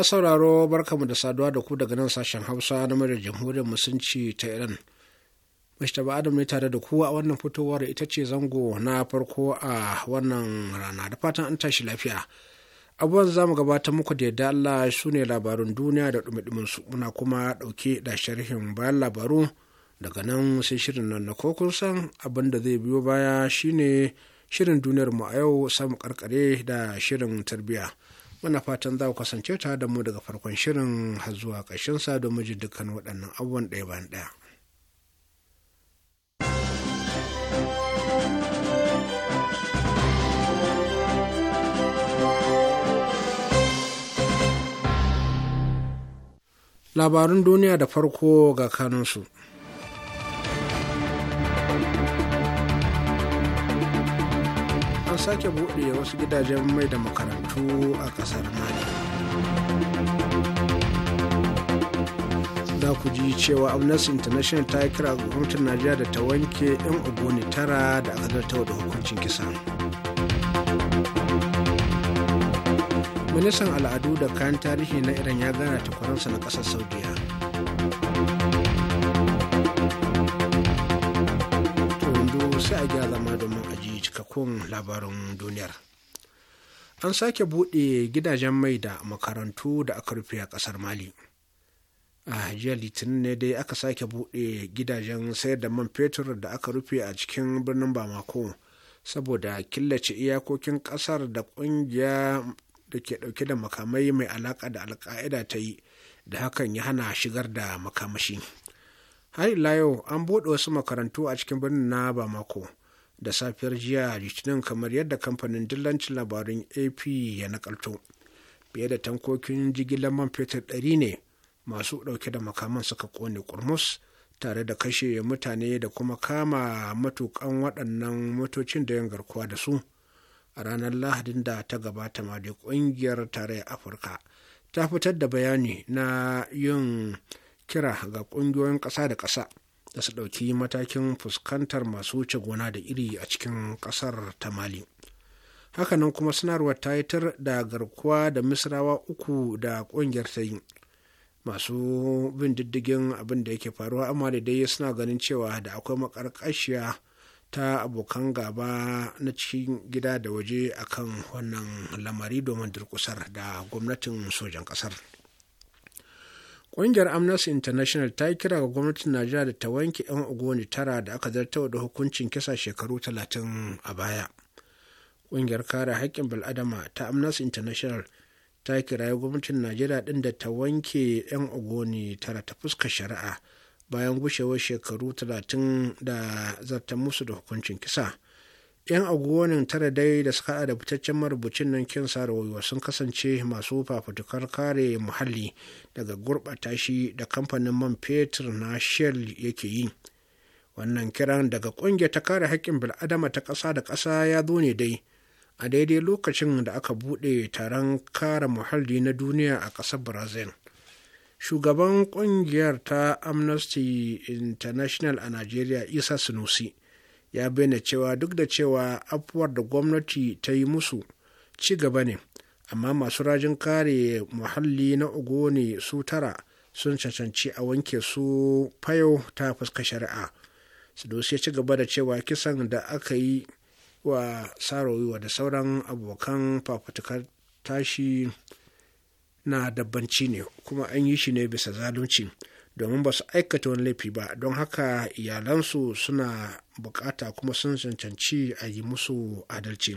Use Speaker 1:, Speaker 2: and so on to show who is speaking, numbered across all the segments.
Speaker 1: Ma sauraro barkamu da saduwa da ku daga nan sashen Hausa na muryar Jamhuriyar Musulunci ta Iran. Mr. Adam ne tare da ku a wannan fitowar ita ce zango na farko a wannan rana da fatan an tashi lafiya. Abubuwan za mu gabatar muku da yadda Allah su ne labarun duniya da dumi su muna kuma ɗauke da sharhin bayan labaru daga nan sai shirin nan na kokun san abin da zai biyo baya shine shirin duniyar mu a yau samu karkare da shirin tarbiyya. muna fatan za ku kasance tare da mu daga farkon shirin har zuwa ƙarshen sa domin ji dukkan waɗannan abubuwan ɗaya bayan ɗaya. Labarun duniya da farko ga kanunsu. sake buɗe wasu gidajen mai da makarantu a ƙasar mali za ku ji cewa amnesty international ta yi kira gwamnatin najeriya da ta wanke 'yan ne tara da aka da hukuncin kisa ministan al'adu da kayan tarihi na iran ya gana takwaransa na ƙasar saudiya cikakkun labarin duniyar an sake buɗe gidajen mai da makarantu da aka rufe a ƙasar mali a jiya litinin ne dai aka sake buɗe gidajen sayar da man fetur da aka rufe a cikin birnin bamako saboda killace iyakokin ƙasar da ƙungiya da ke ɗauke da makamai mai alaƙa da alƙa'ida ta yi da hakan ya hana shigar da makamashi har ila yau an buɗe wasu makarantu a cikin birnin na bamako da safiyar jiya litinin kamar yadda kamfanin dillancin labarin ap ya nakalto fiye da tankokin jigilar man fetur ɗari ne masu ɗauke da makaman suka kone kurmus tare da kashe mutane da kuma kama matukan waɗannan motocin da yin garkuwa da su a ranar lahadin da ta gabata ma da ƙungiyar tarayyar afirka ta fitar da bayani na yin kira ga ƙungiyoyin ƙasa da ƙasa da su ɗauki matakin fuskantar masu wuce gona da iri a cikin ƙasar ta mali hakanan kuma sanarwar ta tar da garkuwa da misrawa uku da ƙungiyar ta yi masu bin diddigin abin da yake faruwa amma da dai suna ganin cewa da akwai makarƙashiya ta abokan gaba na cikin gida da waje akan wannan lamari domin durkusar da gwamnatin sojan ƙasar. Ƙungiyar Amnesty International ta yi kira ga gwamnatin Najeriya da ta wanke 'yan ugoni tara da aka zartawa da hukuncin kisa shekaru talatin a baya. Ƙungiyar kare haƙƙin bil'adama ta Amnesty International ta kira ga gwamnatin Najeriya ɗin da ta wanke 'yan ugoni tara ta fuska shari'a bayan gushewar shekaru talatin da zartar musu da hukuncin kisa. 'yan agonin tara dai da suka da fitaccen marubucin nan kin sarawoyi sun kasance masu fafutukar kare muhalli daga gurɓata shi da kamfanin man fetur na shell yake yi wannan kiran daga ƙungiyar ta kare haƙƙin bil'adama ta ƙasa da ƙasa ya zo ne dai a daidai lokacin da aka buɗe taron kare muhalli na duniya a ƙasar brazil shugaban ƙungiyar ta amnesty international a nigeria isa sunusi ya bayyana cewa duk da cewa afuwar da gwamnati ta yi musu ci gaba ne amma masu rajin kare muhalli na ogoni su tara sun cancanci a wanke su fayo ta fuska shari'a sadosi ya ci gaba da cewa kisan da aka yi wa sarowiwa da sauran abokan fafutukar tashi na dabbanci ne kuma an yi shi ne bisa zalunci domin ba su aikata wani laifi ba don haka iyalansu suna bukata kuma sun cancanci a yi musu adalci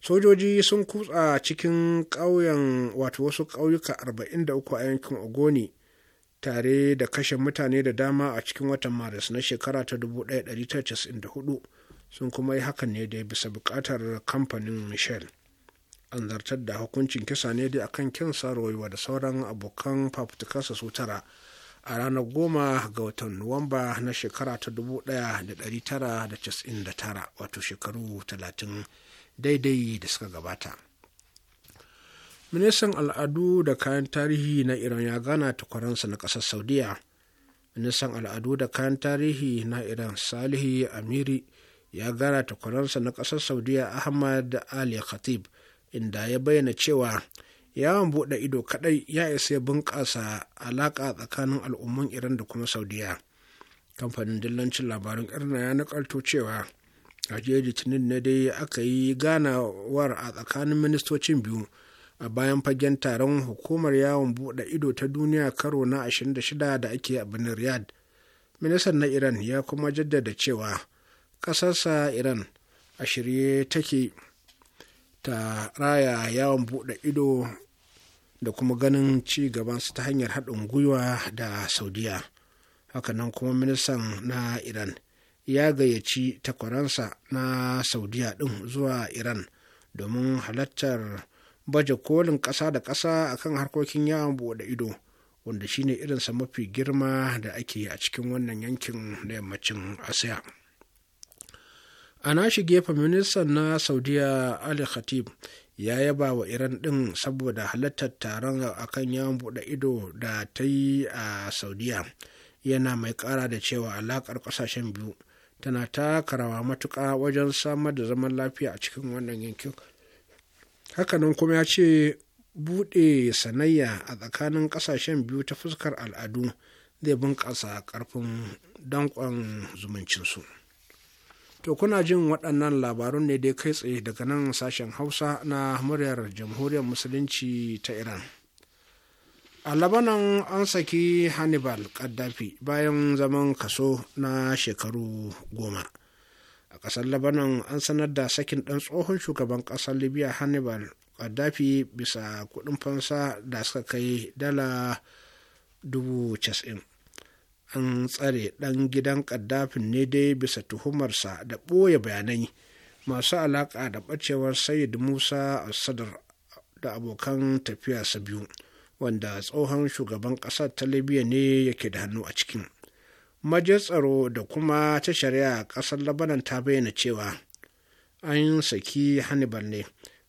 Speaker 1: sojoji sun kutsa cikin ƙauyen wato wasu ƙauyuka 43 a yankin ogoni tare da kashe mutane da dama a cikin watan maris na shekara ta 1994 sun kuma yi hakan ne dai bisa bukatar kamfanin michel an zartar da hukuncin kisa ne dai akan kinsa royewa da sauran abokan fafutukarsa su tara a ranar goma ga watan nuwamba na shekara ta dubu da da da tara tara wato shekaru talatin daidai da suka gabata ministan al'adu da kayan tarihi na iran ya gana takwaransa na ƙasar saudiya ministan al'adu da kayan tarihi na iran salihi amiri ya gana takwaransa na ƙasar saudiya ahmad ali khatib inda ya bayyana cewa yawon buɗe ido kaɗai ya isa bunƙasa alaƙa tsakanin al'umman iran da kuma saudiya kamfanin dillancin labarin irna ya nakalto cewa a litinin na dai aka yi ganawar a tsakanin ministocin biyu a bayan fagen taron hukumar yawon buɗe ido ta duniya karo na 26 da ake a riyad riyadh ministan na iran ya kuma jaddada cewa ƙasarsa iran a shirye take ta raya yawon buɗe ido da kuma ganin ci gabansu ta hanyar haɗin gwiwa da saudiya hakanan kuma ministan na iran ya gayyaci takwaransa na saudiya ɗin zuwa iran domin halartar baje kolin ƙasa da ƙasa akan harkokin yawon buɗe ido wanda shine irinsa mafi girma da ake a cikin wannan yankin na yammacin asiya a nashi gefe ministan na saudiya ali khatib ya yaba wa iran din saboda halartar taron a kan yawon buɗe ido da ta yi a saudiya yana mai ƙara da cewa alaƙar ƙasashen biyu tana ta rawa matuƙa wajen samar da zaman lafiya a cikin wannan yankin hakanan kuma ya ce buɗe sanayya a tsakanin ƙasashen biyu ta fuskar al'adu zai bunƙasa ƙarfin danƙon zumuncinsu. to kuna jin waɗannan labarun ne dai kai tsaye daga nan sashen hausa na muryar jamhuriyar musulunci ta iran a labanan an saki hannibal kaddafi bayan zaman kaso na shekaru goma a ƙasar labanan an sanar da sakin ɗan tsohon shugaban ƙasar libya hannibal kaddafi bisa kuɗin fansa da suka kai dala dubu casa'in an tsare ɗan gidan kaddafin ne dai bisa tuhumarsa da ɓoye bayanai masu alaƙa da ɓacewar sayid musa a sadar da abokan tafiyarsa biyu wanda tsohon shugaban ƙasar ta libya ne yake da hannu a cikin majiyar tsaro da kuma ta shari'a ƙasar labanan ta bayyana cewa an saki hannibal ne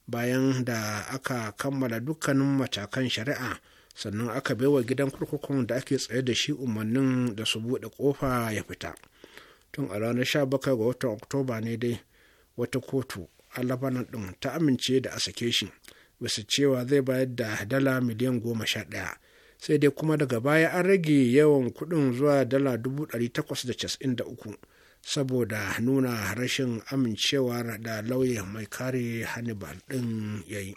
Speaker 1: bayan da aka kammala dukkanin matakan shari'a sannan aka baiwa gidan kurkukun da ake tsaye da shi umarnin da su buɗe kofa ya fita tun a ranar 17 ga watan oktoba ne dai wata kotu a labanan ɗin ta amince da a sake shi bisa cewa zai bayar da dala miliyan goma sha ɗaya sai dai kuma daga baya an rage yawan kuɗin zuwa dala dubu ɗari takwas da casa'in da uku saboda nuna rashin amincewa da lauya mai kare hannibal ɗin yayi.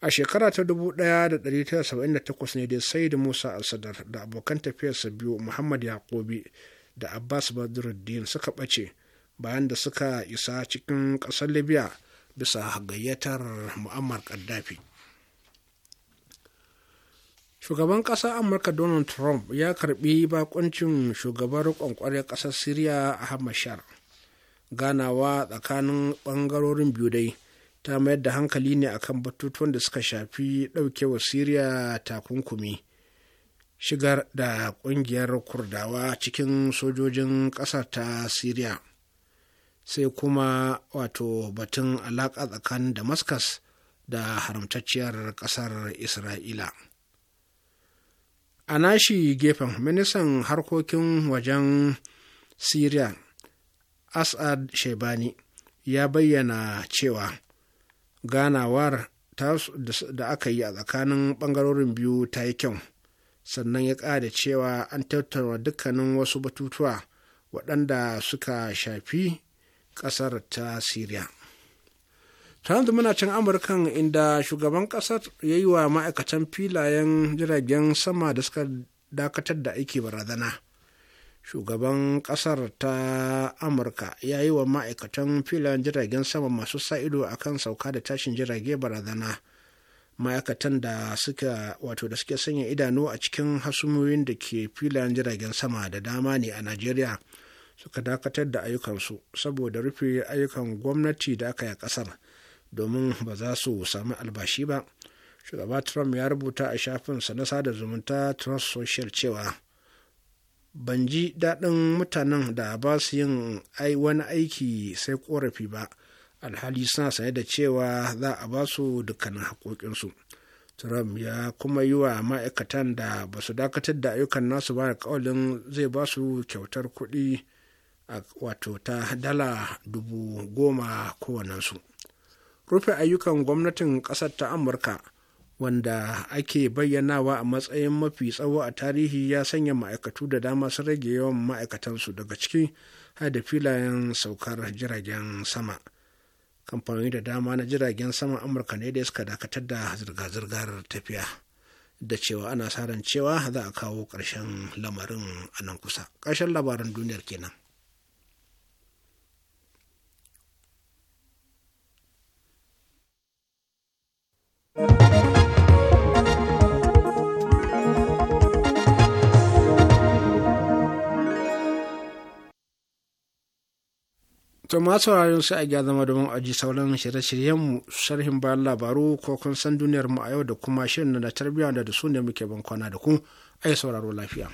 Speaker 1: a shekara ta 1978 ne dai sai da musa al-sadar da abokan tafiyarsa biyu muhammad yaqubi da abbas badruddin suka ɓace bayan da suka isa cikin ƙasar libya bisa gayyatar mu'ammar gaddafi shugaban ƙasa amurka donald trump ya karbi bakuncin shugaban riƙon kwarar ƙasar syria ahmad shar ganawa tsakanin ɓangarorin biyu dai ta mayar da hankali ne akan batutuwan da suka shafi ɗaukewa siriya takunkumi shigar da ƙungiyar kurdawa cikin sojojin ƙasar ta siriya sai kuma wato batun alaƙa tsakan damascus da haramtacciyar ƙasar isra'ila a nashi gefen ministan harkokin wajen siriya asad shebani ya bayyana cewa ganawar da aka yi a tsakanin ɓangarorin biyu ta yi kyau sannan ya ƙada cewa an tattara dukkanin wasu batutuwa waɗanda suka shafi ƙasar ta syria yanzu muna can amurkan inda shugaban ƙasar ya yi wa ma'aikatan filayen jiragen sama da suka dakatar da aiki barazana shugaban kasar ta amurka ya yi wa ma'aikatan filayen jiragen sama masu sa ido a kan sauka da tashin jirage barazana ma'aikatan da suka wato da suke sanya idanu a cikin hasumoyin da ke filayen jiragen sama da dama ne a najeriya suka dakatar da ayyukansu saboda rufe ayyukan gwamnati da aka yi a kasar domin ba za su sami albashi ba shugaba trump ya rubuta a shafinsa na sada zumunta trump social cewa ban ji daɗin mutanen da ba su yin wani aiki sai ƙorafi ba alhali suna sane da cewa za a ba su dukkanin haƙoƙinsu trump ya kuma yi wa ma'aikatan da ba su dakatar da ayyukan nasu ba da zai ba su kyautar kuɗi wato ta dala dubu goma kowannensu rufe ayyukan gwamnatin ƙasar ta amurka wanda ake bayyanawa a matsayin mafi tsawo a tarihi ya sanya ma'aikatu da dama su rage yawan ma'aikatansu daga ciki har da filayen saukar jiragen sama Kamfani da dama na jiragen sama amurka ne da suka dakatar da zirga-zirgar tafiya da cewa ana sa ran cewa za a kawo ƙarshen lamarin a nan kusa ƙarshen labaran duniyar kenan thank you To ma sauraron sai a gya zama domin aji sauran shirye-shiryenmu sharhin bayan labaru ko kun san duniyarmu a yau da kuma shirin na tarbiyya da su ne muke bankwana da ku ai sauraro lafiya.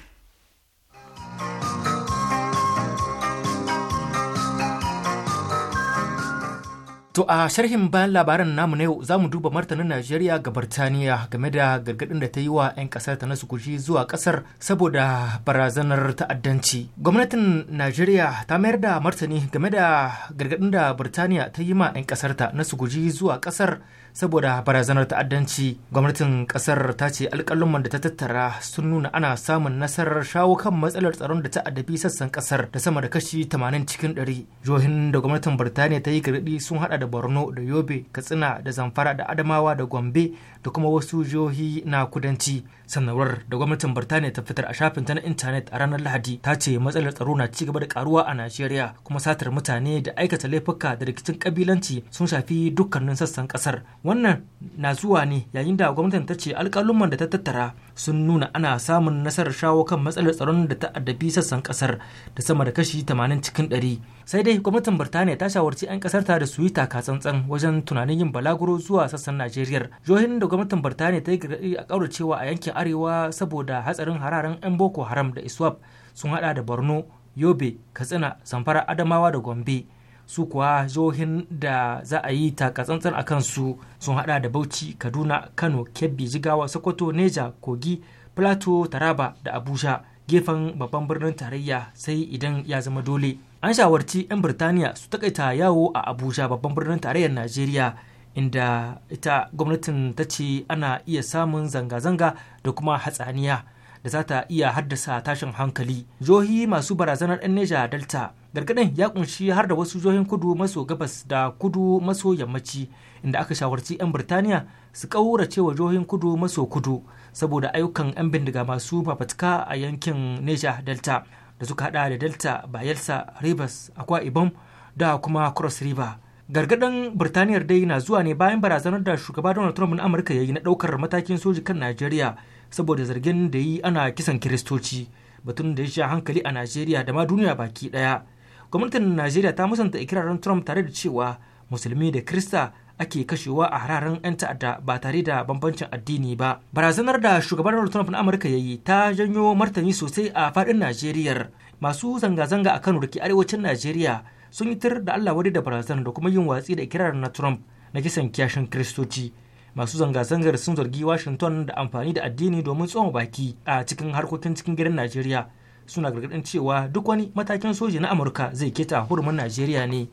Speaker 2: To a sharhin bayan labaran namu na yau za mu duba martanin Najeriya ga Birtaniya game da gargadin da ta yi wa 'yan kasar ta na su zuwa kasar saboda barazanar ta'addanci. Gwamnatin Najeriya ta mayar da martani game da gargadin da Birtaniya ta yi ma 'yan kasar ta na su zuwa kasar saboda barazanar ta'addanci gwamnatin kasar ta ce alƙalumman da ta tattara sun nuna ana samun nasarar shawo kan matsalar tsaron da ta addabi sassan kasar da sama da kashi 80 cikin 100 jihohin da gwamnatin birtaniya ta yi gargaɗi sun hada da borno da yobe katsina da zamfara da adamawa da gombe da kuma wasu jihohi na kudanci sanarwar da gwamnatin birtaniya ta fitar a shafin ta na intanet a ranar lahadi ta ce matsalar tsaro na ci gaba da karuwa a najeriya kuma satar mutane da aikata laifuka da rikicin kabilanci sun shafi dukkanin sassan kasar wannan na zuwa ne yayin da gwamnatin ta ce alƙaluman da ta tattara sun nuna ana samun nasarar shawo kan matsalar tsaron da ta addabi sassan kasar da sama da kashi 80 cikin 100 sai dai gwamnatin birtaniya ta shawarci 'yan kasar ta da su yi tsantsan wajen tunanin yin balaguro zuwa sassan najeriya johin da gwamnatin birtaniya ta yi gargaɗi a cewa a yankin arewa saboda hatsarin hararen 'yan boko haram da iswap sun hada da borno yobe katsina zamfara adamawa da gombe su kuwa jihohin da za a yi takatsantsan a kansu sun hada da bauchi kaduna kano kebbi jigawa sokoto neja kogi plateau taraba da abuja gefen babban birnin tarayya sai idan ya zama dole an shawarci 'yan birtaniya su takaita yawo a abuja babban birnin tarayyar najeriya inda ita gwamnatin ta ce ana iya samun zanga-zanga da kuma hatsaniya da za ta iya haddasa tashin hankali jihohi masu barazanar 'yan neja delta gargaɗin ya kunshi har da wasu jihohin kudu maso gabas da kudu maso yammaci inda aka shawarci 'yan birtaniya su ƙaurace cewa jihohin kudu maso kudu saboda ayyukan 'yan bindiga masu babatka a yankin neja delta da suka hada da delta bayelsa rivers akwa ibom da kuma cross river gargadan birtaniyar dai na zuwa ne bayan barazanar da shugaba donald trump na amurka yayi na daukar matakin soji kan najeriya saboda zargin da yi ana kisan kiristoci batun da ya sha hankali a najeriya da ma duniya baki daya gwamnatin najeriya ta musanta ikirarin trump tare da cewa musulmi da krista ake kashewa a hararen 'yan ta'adda ba tare da bambancin addini ba barazanar da shugaban donald trump na amurka ya yi ta janyo martani sosai a fadin najeriyar masu zanga-zanga a kano da ke arewacin najeriya sun yi tir da allah wadi da barazanar da kuma yin watsi da ikirarin na trump na kisan kiyashin kiristoci masu zanga-zangar sun zargi washington da amfani da addini domin tsoma baki a cikin harkokin cikin gidan najeriya suna gargadin cewa duk wani matakin soji na amurka zai keta hurumin najeriya ne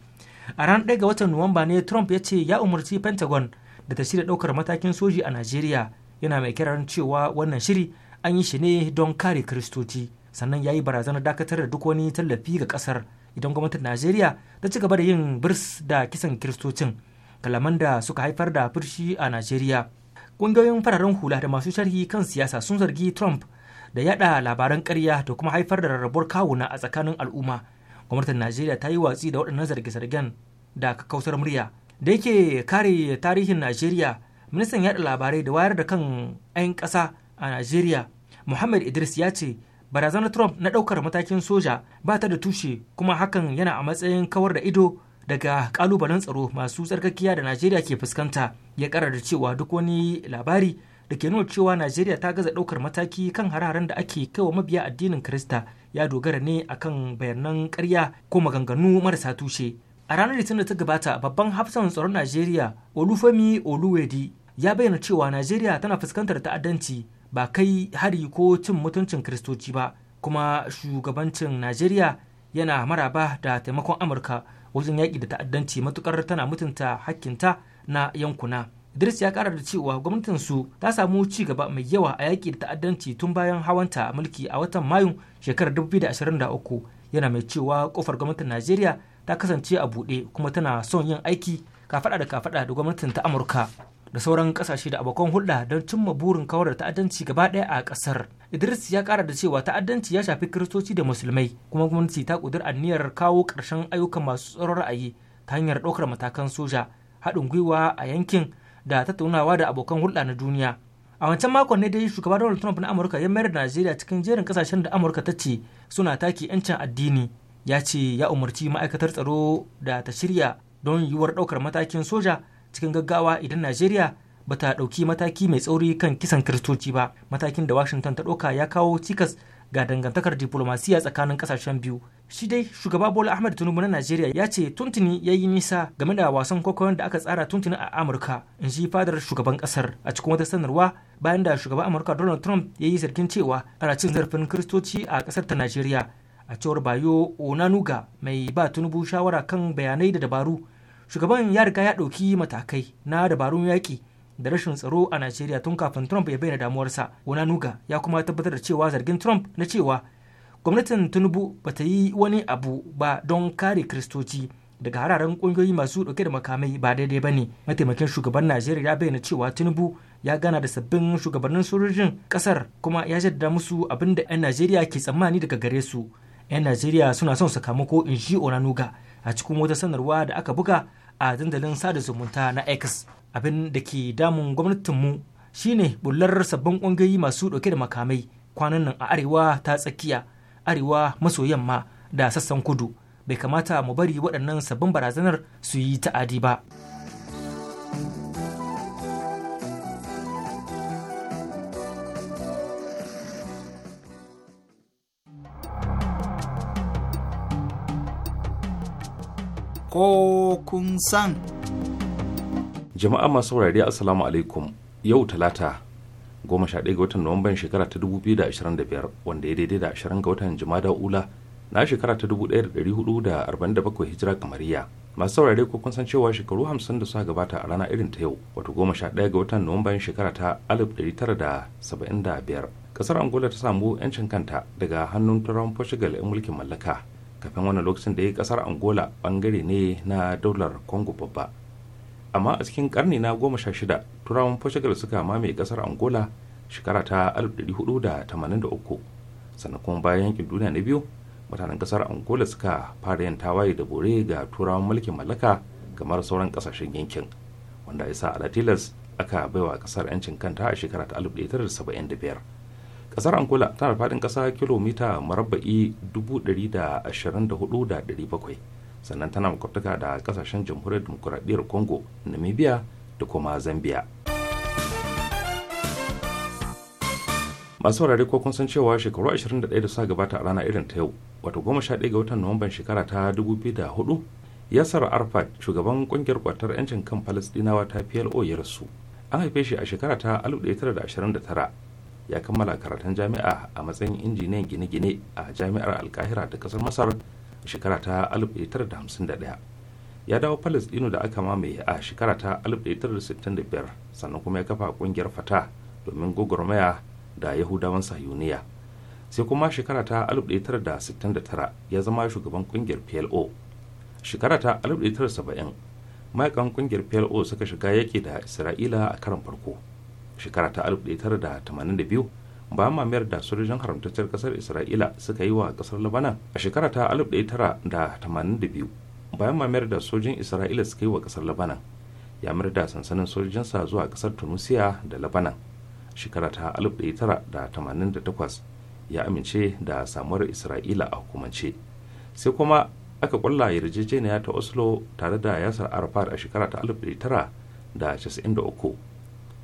Speaker 2: a ran ɗaya ga watan nuwamba ne trump ya ce ya umarci pentagon da ta shirya ɗaukar matakin soji a najeriya yana mai kiran cewa wannan shiri an yi shi ne don kare kiristoci sannan ya yi barazanar dakatar da duk wani tallafi ga ƙasar idan gwamnatin najeriya ta ci gaba da yin birs da kisan kiristocin kalaman da suka haifar da furshi a najeriya ƙungiyoyin fararen hula da masu sharhi kan siyasa sun zargi trump da yada labaran karya da kuma haifar da rarrabuwar kawuna a tsakanin al'umma gwamnatin najeriya ta yi watsi da waɗannan zarge-zargen da kakkausar murya da yake kare tarihin najeriya ministan yada labarai da wayar da kan 'yan ƙasa a najeriya muhammad idris ya ce barazanar trump na ɗaukar matakin soja ba ta da tushe kuma hakan yana a matsayin kawar da ido daga kalubalen tsaro masu tsarkakiya da najeriya ke fuskanta ya kara da cewa duk wani labari da ke nuna cewa najeriya ta gaza daukar mataki kan hararen da ake kaiwa mabiya addinin Kirista ya dogara ne akan bayanan karya ko maganganu marasa tushe a ranar litinin da ta gabata babban hafsan tsaron najeriya olufemi oluwedi ya bayyana cewa najeriya tana fuskantar ta'addanci ba kai hari ko cin mutuncin Kiristoci ba kuma shugabancin najeriya yana maraba da taimakon amurka wajen yaƙi da ta'addanci matukar tana mutunta hakkinta na yankuna Idris ya kara da cewa gwamnatin su ta samu ci gaba mai yawa a yaƙi da ta'addanci tun bayan hawanta mulki a watan Mayu shekarar 2023 yana mai cewa kofar gwamnatin Najeriya ta kasance a buɗe kuma tana son yin aiki kafaɗa da kafaɗa da gwamnatin ta Amurka. da sauran kasashe da abokan hulɗa don cimma burin kawar da ta'addanci gaba ɗaya a ƙasar. Idris ya ƙara da cewa ta'addanci ya shafi kiristoci da musulmai kuma gwamnati ta ƙudur aniyar kawo ƙarshen ayyukan masu tsaron ra'ayi ta hanyar ɗaukar matakan soja haɗin gwiwa a yankin da tattaunawa da abokan hulɗa na duniya. A wancan makon ne dai shugaban Donald Trump na Amurka ya mayar da Najeriya cikin jerin kasashen da Amurka ta ce suna take 'yancin addini. Ya ce ya umarci ma'aikatar tsaro da ta shirya don yiwuwar ɗaukar matakin soja cikin gaggawa idan najeriya ba ta ɗauki mataki mai tsauri kan kisan kiristoci ba matakin da washington ta ɗauka ya kawo cikas ga dangantakar diplomasiya tsakanin kasashen biyu shi dai shugaba bola ahmed tinubu na najeriya ya ce tuntuni ya yi nisa game da wasan kwaikwayon da aka tsara tuntuni a amurka in ji fadar shugaban ƙasar a cikin wata sanarwa bayan da shugaban amurka donald trump ya yi zargin cewa ana cin zarafin kiristoci a ƙasar ta najeriya a cewar bayo onanuga mai ba tinubu shawara kan bayanai da dabaru shugaban ya riga ya ɗauki matakai na dabarun yaƙi da rashin tsaro a najeriya tun kafin trump ya bayyana damuwarsa nuga ya kuma tabbatar da cewa zargin trump na cewa gwamnatin tinubu ba ta yi wani abu ba don kare kristoci daga hararen ƙungiyoyi masu dauke da makamai ba daidai ba ne mataimakin shugaban najeriya ya bayyana cewa tinubu ya gana da sabbin shugabannin sojojin kasar kuma ya jaddada musu abin da 'yan najeriya ke tsammani daga gare su 'yan najeriya suna son sakamako in ji onanuga a cikin wata sanarwa da aka buga a dandalin sada zumunta na X. Abin da ke damun gwamnatinmu shine bullar sabbin ƙungiyoyi masu ɗauke da makamai kwanan nan a arewa ta tsakiya, arewa maso yamma da sassan kudu. Bai kamata mu bari waɗannan sabbin barazanar su yi ta'adi ba.
Speaker 3: ko kun san.
Speaker 4: Jama'a masu saurari Assalamu alaikum yau talata goma sha ɗaya ga watan Nuwamban shekara ta dubu biyu da ashirin da biyar wanda ya daidai da ashirin ga watan Jumada Ula na shekara ta dubu ɗaya da ɗari hudu da arba'in da bakwai hijira kamariya. Masu saurari ko kun san cewa shekaru hamsin da suka gabata a rana irin ta yau wato goma sha ɗaya ga watan Nuwamban shekara ta alif ɗari tara da saba'in da biyar. Kasar Angola ta samu 'yancin kanta daga hannun Turawan Portugal 'yan mulkin mallaka. kafin wannan lokacin da ya kasar angola bangare ne na daular congo babba amma a cikin karni na goma sha shida turawan portugal suka mamaye kasar angola shekara ta 1483 sannan kuma bayan yankin duniya na biyu mutanen kasar angola suka fara yin tawaye da bore ga turawan mulkin mallaka kamar sauran kasashen yankin wanda ya sa alatilas aka baiwa kasar 'yancin kanta a shekara ta 1975 kasar angola tana faɗin ƙasa kilomita marabba'i 124,700 sannan tana makwabtaka da kasashen jamhuriyar demokuraɗiyyar congo namibia da kuma zambia masu wurare ko kun san cewa shekaru 21 da sa gabata a rana irin ta yau wato 11 ga watan nuwamban shekara ta 2004 yasar arfat shugaban kungiyar kwatar 'yancin kan palestinawa ta plo ya rasu an haife shi a shekara ta 1929 ya kammala karatun jami'a a matsayin injiniyan gine-gine a jami'ar alkahira ta kasar masar shekara ta 1951 ya dawo dino da aka mamaye a shekara ta 1965 sannan kuma ya kafa kungiyar fata domin gwagwarmaya da yahudawan sayuniya sai kuma shekara ta 1969 ya zama shugaban kungiyar plo shekara ta 1970 mayakan kungiyar plo suka shiga yaki da isra'ila a karan farko shekara ta 1982 bayan mamayar da sojojin haramtacciyar kasar isra'ila suka yi wa kasar labanan a shekara ta 1982 bayan mamayar da sojin isra'ila suka yi wa kasar labanan ya mayar da sansanin sojojinsa zuwa kasar tunisia da labanan shekara ta 1988 ya amince da samuwar isra'ila a hukumance sai kuma aka kwalla yarjejeniya ta oslo tare da yasar arafat a shekara ta 1993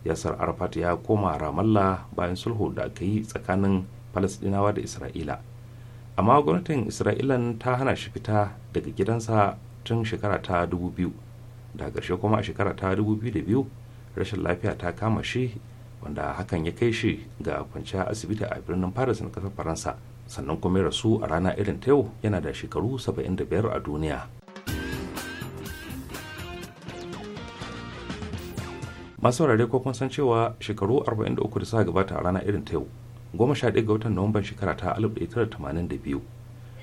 Speaker 4: yasar arafat ya koma ramallah bayan sulhu da aka yi tsakanin falasdinawa da isra'ila amma gwamnatin isra'ilan ta hana shi fita daga gidansa tun shekara ta 2000 da ƙarshe kuma a shekara ta 2002 rashin lafiya ta kama shi wanda hakan ya kai shi ga kwanciya asibiti a birnin paris na kasar faransa sannan kuma ya rasu a rana irin ta yau yana da shekaru 75 a duniya masu wurare ko kun san cewa shekaru 43 da suka gabata a rana irin ta yau goma sha ɗaya ga watan nuwamban shekara ta 1982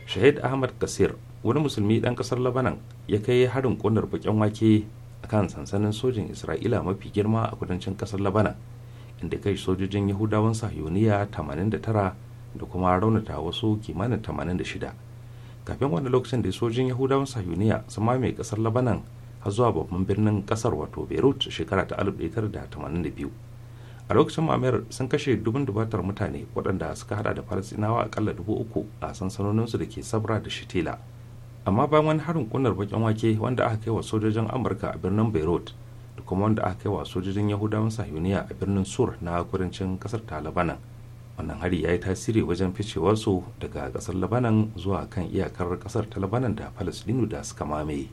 Speaker 4: shahid ahmad kasir wani musulmi dan ƙasar labanan ya kai harin ƙunar bakin wake a kan sansanin sojin isra'ila mafi girma a kudancin kasar labanan inda kai sojojin yahudawan sahiyoniya 89 da kuma raunata wasu kimanin 86 kafin wani lokacin da sojin yahudawan sahiyoniya sun mamaye kasar labanan har zuwa babban birnin kasar wato beirut shekara ta 1982 a lokacin mamayar sun kashe dubin dubatar mutane waɗanda suka hada da falasinawa akalla dubu uku a sansanoninsu da ke sabra da shitila amma bayan wani harin kunar bakin wake wanda aka kai wa sojojin amurka a birnin beirut da kuma wanda aka kai wa sojojin yahudawan sahuniya a birnin sur na kudancin kasar ta labanan wannan hari ya yi tasiri wajen ficewarsu daga kasar labanan zuwa kan iyakar kasar ta labanan da falasdinu da suka mamaye.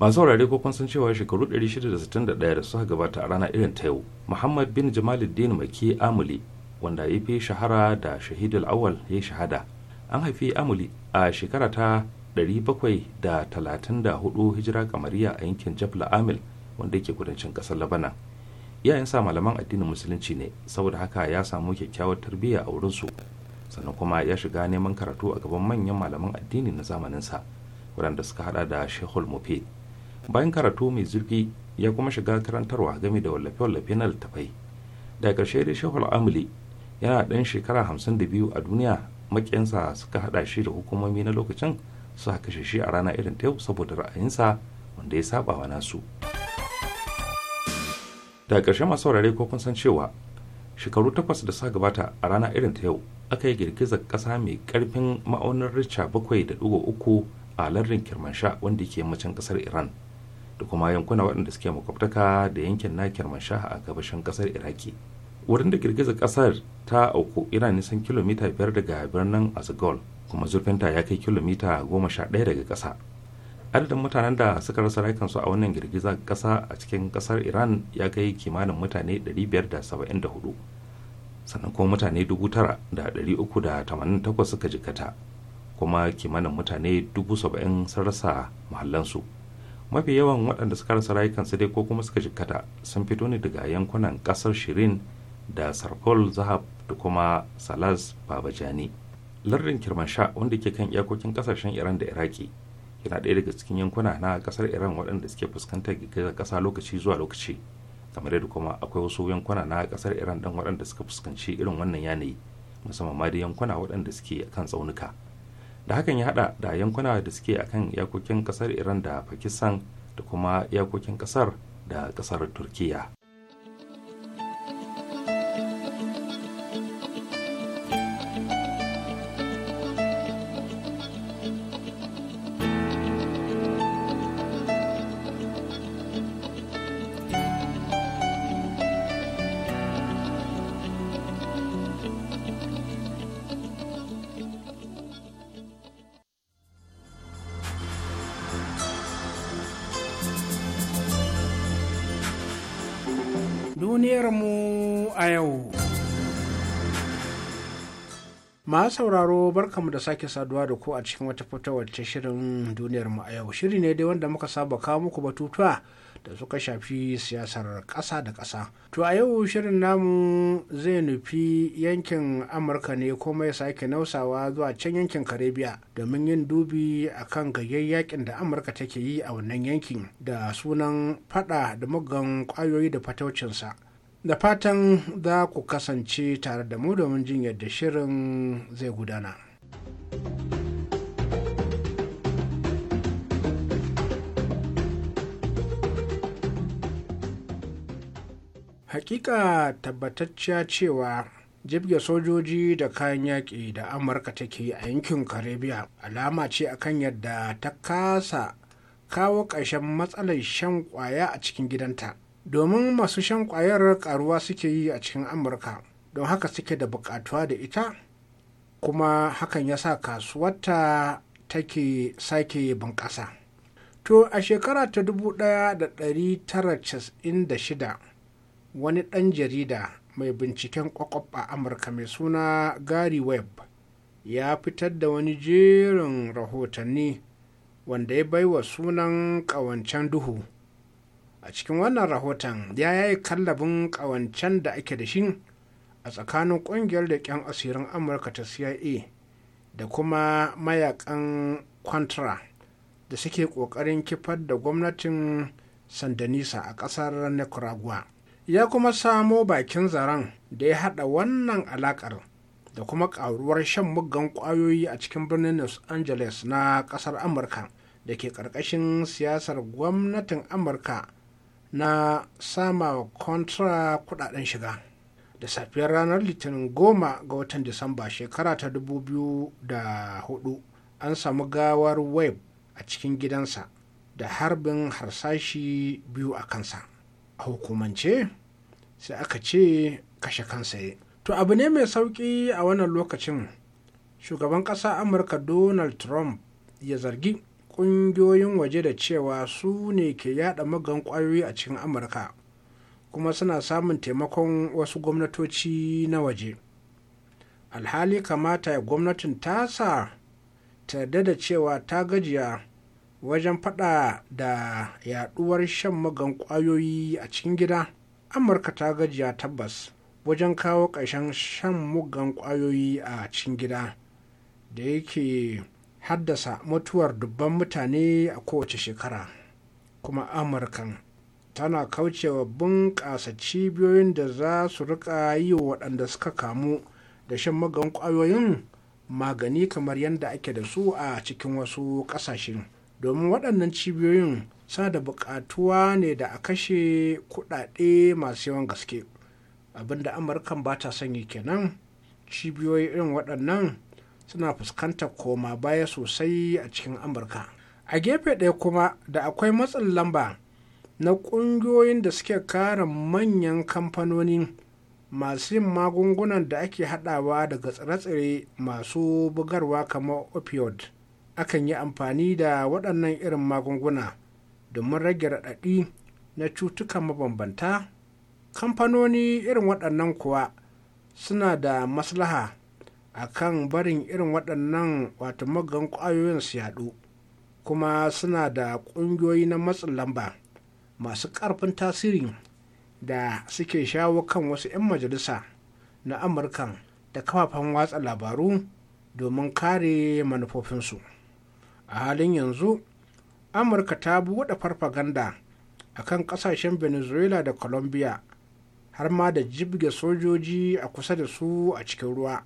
Speaker 4: masu saurare ko kun san cewa shekaru 661 da suka gabata a rana irin ta yau muhammad bin jamaluddin maki amuli wanda ya fi shahara da shahidul awal ya shahada an haifi amuli a shekara ta 734 hijira kamariya a yankin jabla amil wanda yake kudancin kasar labanan sa malaman addinin musulunci ne saboda haka ya samu kyakkyawar tarbiyya a wurinsu sannan kuma ya shiga neman karatu a gaban manyan malaman addini na zamaninsa waɗanda suka hada da shehul mufid bayan karatu mai zurfi ya kuma shiga karantarwa game da wallafe-wallafe na littafai da ƙarshe dai shehul amuli yana ɗan shekara hamsin da biyu a duniya makiyansa suka haɗa shi da hukumomi na lokacin su kashe shi a rana irin ta yau saboda ra'ayinsa wanda ya saba wa nasu da ƙarshe masu saurare ko kun san cewa shekaru takwas da suka gabata a rana irin ta yau aka yi girgizar ƙasa mai ƙarfin ma'aunin richa bakwai da ɗigo uku a lardin kirmansha wanda ke yammacin ƙasar iran da kuma yankuna waɗanda suke makwabtaka da yankin na kermanshaha a gabashin ƙasar iraki wurin da girgizar kasar ta auku yana nisan kilomita biyar daga birnin asgol kuma zurfinta ya kai kilomita goma sha ɗaya daga ƙasa adadin mutanen da suka rasa rayukansu a wannan girgiza ƙasa a cikin kasar iran ya kai kimanin mutane 574 sannan kuma mutane 9,388 suka jikata kuma kimanin mutane 70,000 sun rasa muhallansu. mafi yawan waɗanda suka rasa rayukansu dai ko kuma suka jikkata sun fito ne daga yankunan ƙasar shirin da sarpol zahab da kuma salas babajani lardin kirmansha wanda ke kan iyakokin ƙasashen iran da iraki yana ɗaya daga cikin yankuna na ƙasar iran waɗanda suke fuskantar girgizar ƙasa lokaci zuwa lokaci kamar yadda kuma akwai wasu yankuna na ƙasar iran ɗan waɗanda suka fuskanci irin wannan yanayi musamman ma da yankuna waɗanda suke kan tsaunuka da hakan ya hada da yankuna da suke a kan iyakokin kasar iran da pakistan da kuma iyakokin kasar da kasar turkiya
Speaker 1: masu sauraro barkamu da sake saduwa da ku a cikin wata fitowar ta shirin duniyar mu a yau shiri ne dai wanda muka saba kawo muku batutuwa da suka shafi siyasar ƙasa da ƙasa to a yau shirin namu zai nufi yankin amurka ne kuma ya sake nausawa zuwa can yankin karibiya domin yin dubi a kan gayyar yakin da amurka take yi a wannan yankin da sunan fada da mugan kwayoyi da fataucinsa da fatan za ku kasance tare da mu domin jin yadda shirin zai gudana. Hakika tabbatacciya cewa jibge sojoji da kayan yaƙi da Amurka take a yankin Karibiya alama ce akan yadda ta kasa kawo ƙarshen matsalar shan ƙwaya a cikin gidanta. domin masu shan ƙwayar ƙaruwa suke yi a cikin amurka don haka suke da buƙatuwa da ita kuma hakan ya sa kasuwarta take sake bunƙasa to a shekara ta 1996 wani ɗan jarida mai binciken kwakwab a amurka mai suna gary webb ya fitar da wani jerin rahotanni wanda ya baiwa sunan ƙawancen duhu a cikin wannan rahoton ya yi kallabin ƙawancen da ake da shi a tsakanin ƙungiyar leƙen asirin amurka ta cia da kuma mayakan contra da suke ƙoƙarin kifar da gwamnatin sandanisa a ƙasar nicaragua ya kuma samo bakin zaren da ya haɗa wannan alaƙar da kuma ƙaruwar shan muggan ƙwayoyi a cikin birnin los angeles na ƙasar amurka da ke ƙarƙashin siyasar gwamnatin amurka na sama wa kontra kudaden shiga da safiyar ranar litinin goma ga watan disamba shekara ta 2004 an samu gawar web a cikin gidansa da harbin harsashi biyu a kansa a hukumance sai aka ce kashe kansa ya to abu ne mai sauƙi a wannan lokacin shugaban ƙasa amurka donald trump ya zargi ƙungiyoyin waje da cewa su ne ke yada magan kwayoyi a cikin amurka kuma suna samun taimakon wasu gwamnatoci na waje alhali kamata gwamnatin tasa ta da cewa ta gajiya wajen fada da yaduwar shan magan kwayoyi a cikin gida amurka ta gajiya tabbas wajen kawo ƙarshen shan mugan kwayoyi a cikin gida da yake haddasa mutuwar dubban mutane a kowace shekara kuma amurkan tana kaucewa bunƙasa cibiyoyin da za su rika yi wa waɗanda suka kamu da shan magan ƙwayoyin magani kamar yadda ake da su a cikin wasu ƙasashen domin waɗannan cibiyoyin sa da buƙatuwa ne da a kashe kuɗaɗe masu yawan gaske abinda amurkan ba ta sanyi kenan cibiyoyin waɗannan suna fuskantar koma baya sosai a cikin amurka a gefe ɗaya kuma da akwai matsin lamba na ƙungiyoyin da suke kare manyan kamfanoni masu yin magungunan da ake haɗawa daga tsire-tsire masu bugarwa kamar opioid akan yi amfani da waɗannan irin magunguna domin rage raɗaɗi na cutuka mabambanta kamfanoni irin waɗannan kuwa suna da maslaha a kan barin irin waɗannan wato magan ƙwayoyin su yaɗu kuma suna da ƙungiyoyi na matsin lamba masu ƙarfin tasiri da suke shawo kan wasu 'yan majalisa na amurka da kafafen watsa labaru domin kare manufofinsu a halin yanzu amurka ta buɗe farfaganda a kan ƙasashen venezuela da colombia har ma da jibge sojoji a kusa da su a cikin ruwa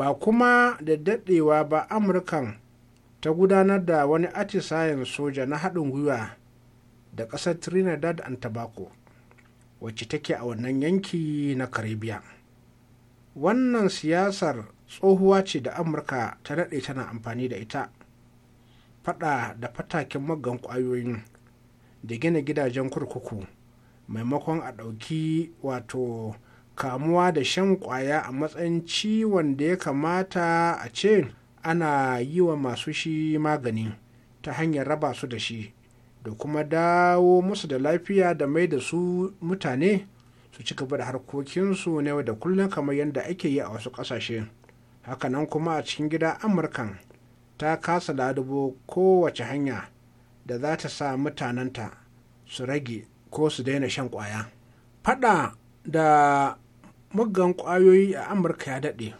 Speaker 1: ba kuma da daɗewa ba amurkan ta gudanar da wani atisayen soja na haɗin gwiwa da ƙasar trinidad and tobago wacce take a wannan yanki na caribbean wannan siyasar tsohuwa ce da amurka ta daɗe tana amfani da ita faɗa da fatakin maggan ƙwayoyin da gina gidajen kurkuku maimakon a ɗauki wato kamuwa da shan kwaya a matsayin ciwon da ya kamata a ce ana yi wa masu shi magani ta hanyar raba su da shi da kuma dawo musu da lafiya da mai da su mutane su ci gaba da harkokinsu na yau da kullum kamar yadda ake yi a wasu ƙasashe hakanan kuma a cikin gida amurkan ta kasa ladubo kowace hanya da za ta sa mutanenta su rage ko su daina shan kwaya Fada da muggan ƙwayoyi a amurka ya daɗe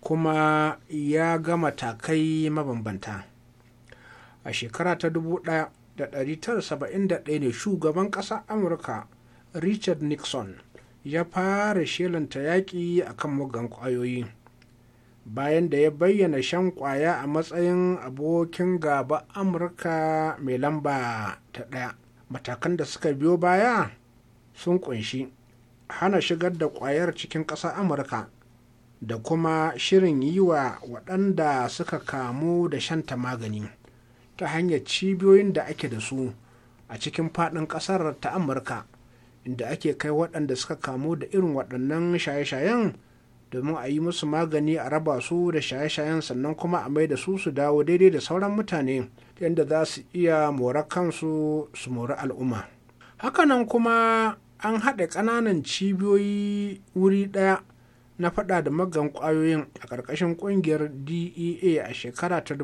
Speaker 1: kuma ya ga matakai mabambanta a shekara ta 1971 ne shugaban ƙasar amurka richard nixon ya fara shelanta yaƙi a kan muggan ƙwayoyi bayan da ya bayyana shan ƙwaya a matsayin abokin gaba amurka mai lamba ta ɗaya matakan da suka biyo baya sun ƙunshi hana shigar da kwayar cikin ƙasar amurka da kuma shirin yi wa waɗanda suka kamu da shanta magani ta hanyar cibiyoyin da ake da su a cikin faɗin ƙasar ta amurka inda ake kai waɗanda suka kamu da irin waɗannan shaye-shayen domin a yi musu magani a raba su da shaye-shayen sannan kuma a mai da su su dawo daidai da sauran mutane yadda za su iya mora kansu su mori al'umma hakanan kuma an haɗe ƙananan cibiyoyi wuri ɗaya na faɗa da magan ƙwayoyin a ƙarƙashin ƙungiyar dea a shekara ta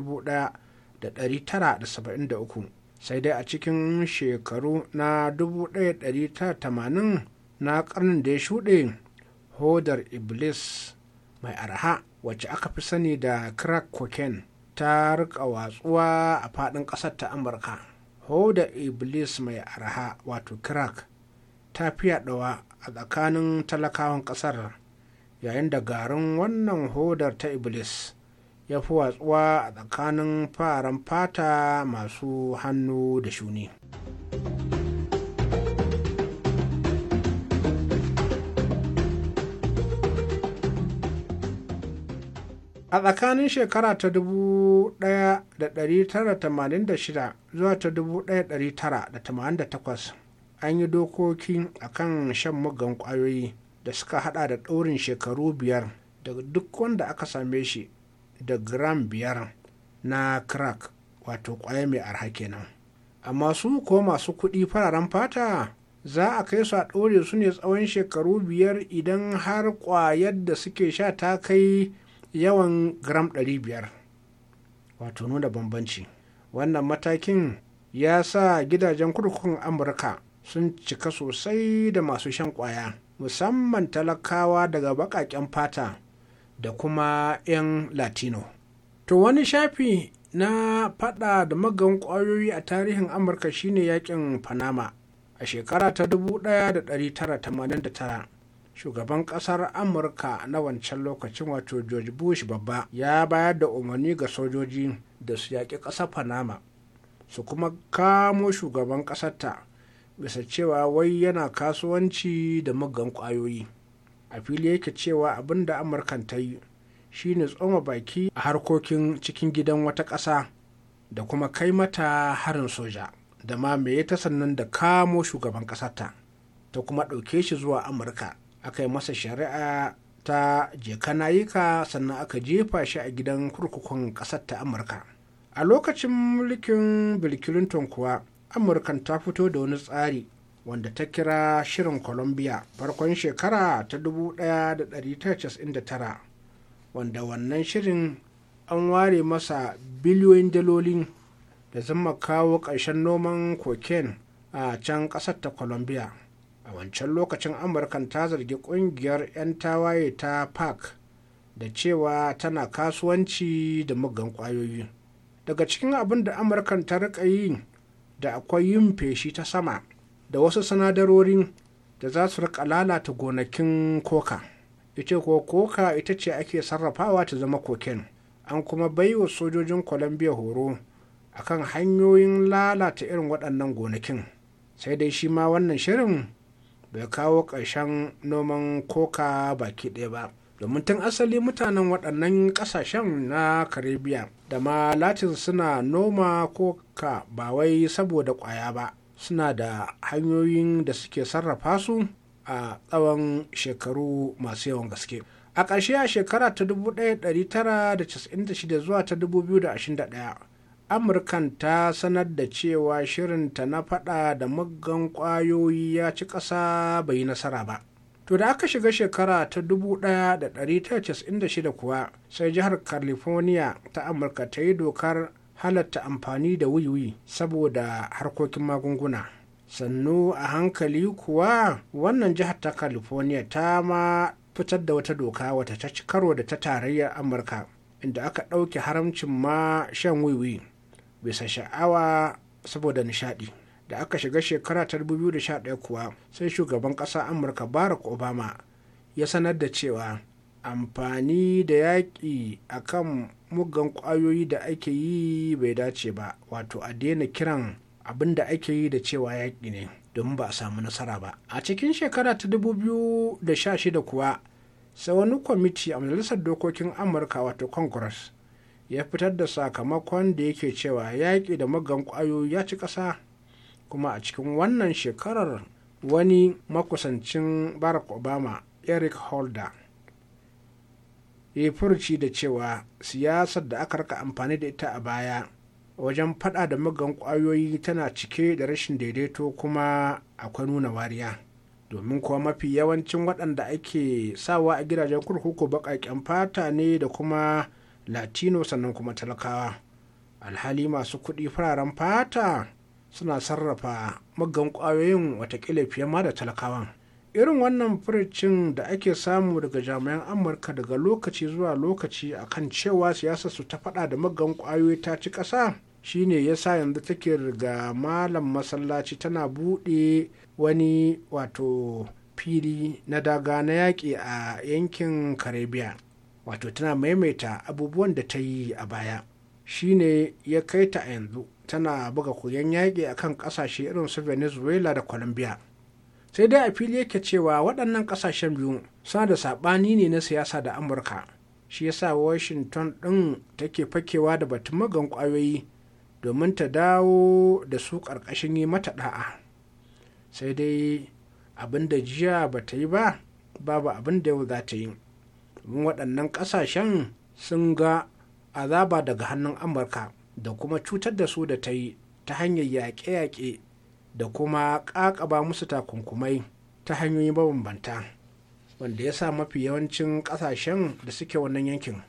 Speaker 1: 1973 sai dai a cikin shekaru na 1980 na ƙarnin da ya shuɗe hodar iblis mai arha wacce aka fi sani da crack cocaine ta rika watsuwa a faɗin ƙasar ta amurka hodar iblis mai arha wato crack ta fi a tsakanin talakawan ƙasar yayin da garin wannan hodar ta iblis ya fi watsuwa a tsakanin faran fata masu hannu da shuni a tsakanin shekara ta 1986 zuwa ta 1988 an yi dokoki kan shan mugan kwayoyi da suka hada da ɗaurin shekaru biyar daga duk wanda aka same shi da gram biyar na crack wato kwaya mai arha kenan amma su ko masu kuɗi fararen fata za a kai su a ɗore su ne tsawon shekaru biyar idan har kwayar da suke sha ta kai yawan gram 500 wato nuna bambanci wannan matakin ya sa gidajen kurkukun amurka sun cika sosai da masu shan ƙwaya musamman talakawa daga baƙaƙen fata da kuma 'yan latino to wani shafi na fada da magan ƙwayoyi a tarihin amurka shine yakin panama a shekara ta 1989 shugaban ƙasar amurka na wancan lokacin wato george bush babba ya bayar da umarni ga sojoji da su yaƙi ƙasar panama su kuma kamo shugaban ƙasar ta. bisa cewa wai yana kasuwanci da magan kwayoyi a fili yake cewa abin da amurkan ta yi shine tsoma baki a harkokin cikin gidan wata ƙasa da kuma kai mata harin soja da ma meye ta sannan da kamo shugaban ƙasarta ta kuma ɗauke shi zuwa amurka aka yi masa shari'a ta jekanayika sannan aka jefa shi a gidan kurkukun ƙasar ta amurka a lokacin mulkin bill kuwa amurkan ta fito da wani tsari wanda ta kira shirin colombia farkon shekara ta 1999 wanda wannan shirin an ware masa biliyoyin dalolin da zama kawo ƙarshen noman cocaine a can ƙasar ta colombia a wancan lokacin amurkan ta zargi ƙungiyar 'yan tawaye ta park da cewa tana kasuwanci da mugan ƙwayoyi daga cikin abin da amurkan ta rika yi da akwai yin feshi ta sama da wasu sinadarorin da za su rika lalata gonakin koka ita ko koka ita ce ake sarrafawa ta zama koken an kuma bai wa sojojin colombia horo akan hanyoyin lalata irin waɗannan gonakin sai dai shi ma wannan shirin bai kawo ƙarshen noman koka baki ɗaya ba domin tun asali mutanen waɗannan ƙasashen na karibiya da ma latin suna noma koka ba wai saboda ƙwaya ba suna da hanyoyin da suke sarrafa su a tsawon shekaru masu yawan gaske a ƙarshe a shekara ta 1996 zuwa ta 2021 amurkan ta sanar da cewa shirinta na fada da muggan ƙwayoyi ya ci ƙasa bai yi nasara ba To da aka shiga shekara ta 1996 kuwa sai jihar California ta Amurka ta yi dokar halatta amfani da wiwi saboda harkokin magunguna. Sannu a hankali kuwa wannan jihar ta California ta ma fitar da wata doka wata ta ci karo da ta tarayyar Amurka inda aka ɗauke haramcin ma shan wiwi bisa sha'awa saboda nishaɗi. da aka shiga shekara ta 2011 kuwa sai shugaban ƙasa amurka barack obama ya sanar da cewa amfani da yaƙi a kan muggan ƙwayoyi da ake yi bai dace ba wato a daina kiran abin da ake yi da cewa yaƙi ne domin ba a samu nasara ba a cikin shekara ta 2016 kuwa sai wani kwamiti a majalisar dokokin amurka wato congress ya fitar da sakamakon da yake cewa yaƙi da muggan ƙwayoyi ya ci ƙasa kuma a cikin wannan shekarar wani makusancin barack obama eric holder ya furci da cewa siyasar da aka raka amfani da ita a baya wajen fada da magan kwayoyi tana cike da rashin daidaito kuma akwai nuna wariya domin kuwa mafi yawancin waɗanda ake sawa a gidajen kurkuku baƙaƙen fata ne da kuma latino sannan kuma talakawa alhali masu kuɗi fararen fata suna sarrafa magan kwayoyin watakila fiye ma da talakawan irin wannan furicin da ake samu daga jami'an amurka daga lokaci zuwa lokaci a kan cewa siyasar su ta faɗa da maggan kwayoyi ta ci ƙasa shine sa yanzu take riga malam masallaci tana buɗe wani wato fili na daga na yaƙi a yankin karibiya wato tana maimaita abubuwan da ta yi a baya shine ya kai ta a yanzu tana buga koyon yaƙi a kan ƙasashe irin su venezuela da colombia sai dai a fili yake cewa waɗannan ƙasashen biyu suna da saɓani ne na siyasa da amurka shi yasa washington ɗin take fakewa da batun magan ƙwayoyi domin ta dawo da su ƙarƙashin yi mata ɗa'a sai dai abin da jiya ba ta yi ba babu abin da yau za ta yi waɗannan ƙasashen sun ga azaba daga hannun amurka da kuma cutar da su da ta yi ta hanyar yaƙe-yaƙe da kuma ƙaƙaba musu takunkumai ta hanyoyi mabambanta wanda ya sa mafi yawancin ƙasashen da suke wannan yankin